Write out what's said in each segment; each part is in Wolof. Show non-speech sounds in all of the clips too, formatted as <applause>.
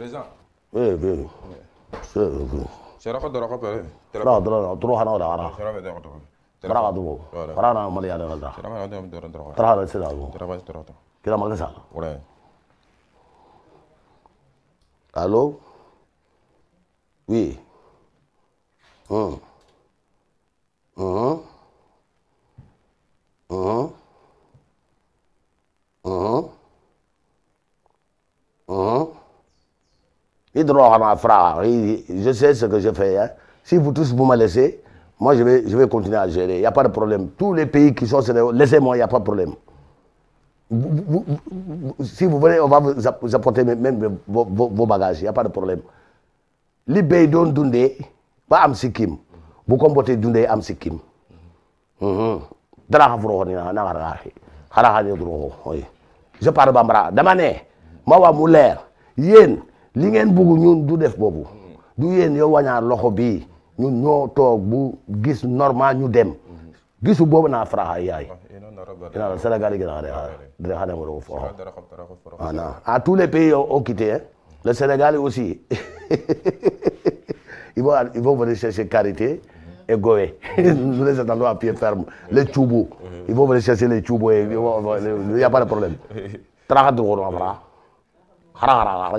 Président. Oui, bien. C'est vrai. C'est vrai. C'est vrai. C'est vrai. C'est vrai. kira maka sa allô oui je sais ce que je fais. Hein. Si vous tous vous me laissez, moi je vais, je vais continuer à gérer. Il n'y a pas de problème. Tous les pays qui sont laissez-moi, il n'y a pas de problème. si vous voulez, on va vous apporter même vos, vos, bagages. Il n'y a pas de problème. Libé don dundé, pas am sikim. dundé am mhm. Je parle bambara. Damane, mawa mouler, yen, li ngeen bugg ñun du def boobu du yéen yow wañaar loxo bii ñun ñoo toog bu gis normal ñu dem gisu boobu naa faraxa yaay oh, ina sénégal gina dre xadamoro fo ana à tous les pays ont quitté le sénégal aussi <laughs> ils vont ils chercher karité et goé <laughs> nous les attendons à pied ferme les tchoubou ils vont venir chercher les tchoubou il y a pas de problème traxa dugoro fara xara xara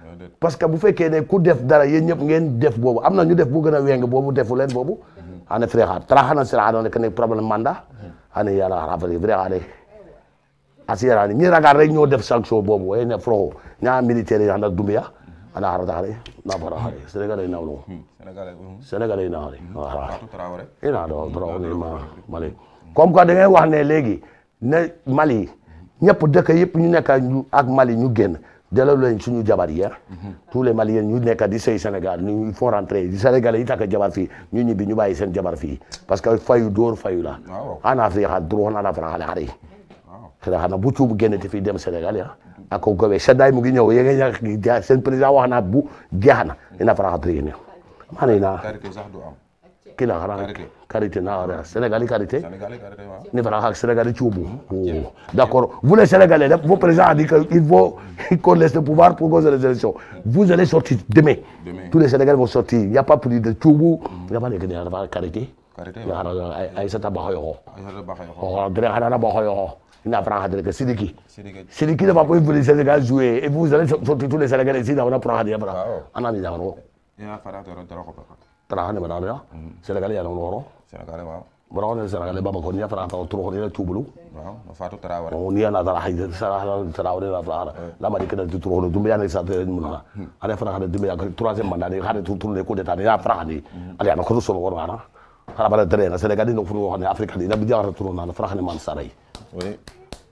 parce que bu fekkee ne ku def dara yéen ñëpp ngeen def boobu am na ñu def bu gën a weng boobu defu leen boobu hane mm-hmm. frère ha tra hana sira hana rek ñoo def sanction boobu way ne fro ñaa militaire hana dumbiya ana harata hare na bara hare sénégal ay nawlo mm-hmm. sénégal ay nawlo wala ma mali ne léegi ne mali mm-hmm. ñëpp dëkk yëpp ñu nekk ak mali ñu génn jëlal leen suñu jabar yi ah. mhm. tous les maliens ñu nekk di sëy Sénégal ñu ñu font rentrer di Sénégalais yi takk jabar fii ñu ñibbi ñu bàyyi seen jabar fii parce que fayu dóor fayu la ana fi xa droon ana fana xale xari xëy na xanaa bu cuub génn te fii dem Sénégal ya ah. ak ko gobe seddaay mu ngi ñëw yéen wax na bu jeex na dina fara xatri ne maa ne naa kila Carité, karité na Carité? Ah. sénégalais karité ni fana hak sénégalais tchoubo hmm. oh. d'accord vous les sénégalais vos président a dit qu'il vont <laughs> qu'on laisse le pouvoir pour causer les élections hmm. vous allez sortir demain, demain. tous les sénégalais vont sortir il n'y a pas plus de tchoubo hmm. il n'y a pas de karité aïssata bakhayo andré oh, hanana bakhayo il n'a pas de Sidiki. Sidiki va pas pouvoir vous les Sénégalais jouer. Et vous allez sortir tous les Sénégalais ici, on a pris il On a mis un traane bana da sénégalais yalla woro sénégalais waaw brawne sénégalais baba ko ni fara ta tro ko ni tubulu waaw ma fatu traawara on ni ana dara hayde sara traawara la fara la ma dikena du tro dum yana sa te mun na ala fara hada dum ya ko troisième mandat de hada tour tourner ko d'état ya fara ni ala ma ko so woro ana fara bala dere na sénégalais no furu wo xane afrique ni nabi jaara tour na fara xane man saray oui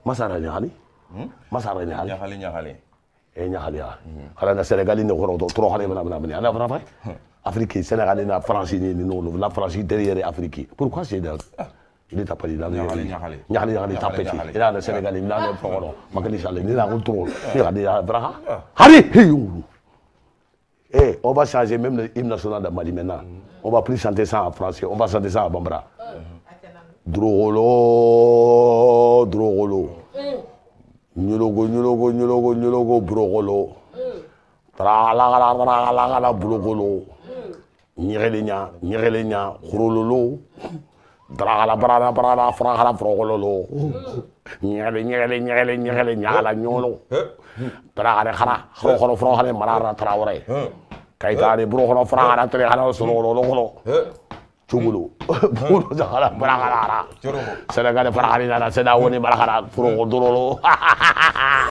masara ni xali masara ni xali ñaxali ñaxali e ñaxali ya xala na sénégalais no xoro tro xale bana bana ana fara fay Afrique, Sénégalais, France, la France, derrière l'Afrique. Pourquoi c'est Il est dans le. Il a ah. Il le ah. Ah. il Il le Il a eh, on va changer même le hymne national de Mali maintenant. Mm. On va plus chanter ça en français, on va chanter ça en bambra. Drogolo, drogolo. Mm. Mm. Tra la la la la ñexeleña huru xurololo drala brala brala, frala foroxololo lulu, ñexele ñexele ñexele ñaxala ñolo draxale xara xoroxoro foroxale marara tarawore kayitane buroxono faraxala tere xana soloxololo xolo ara buno jaxala baraxalara sénégal faraxalinana seda woni baraxara foroxo dorolo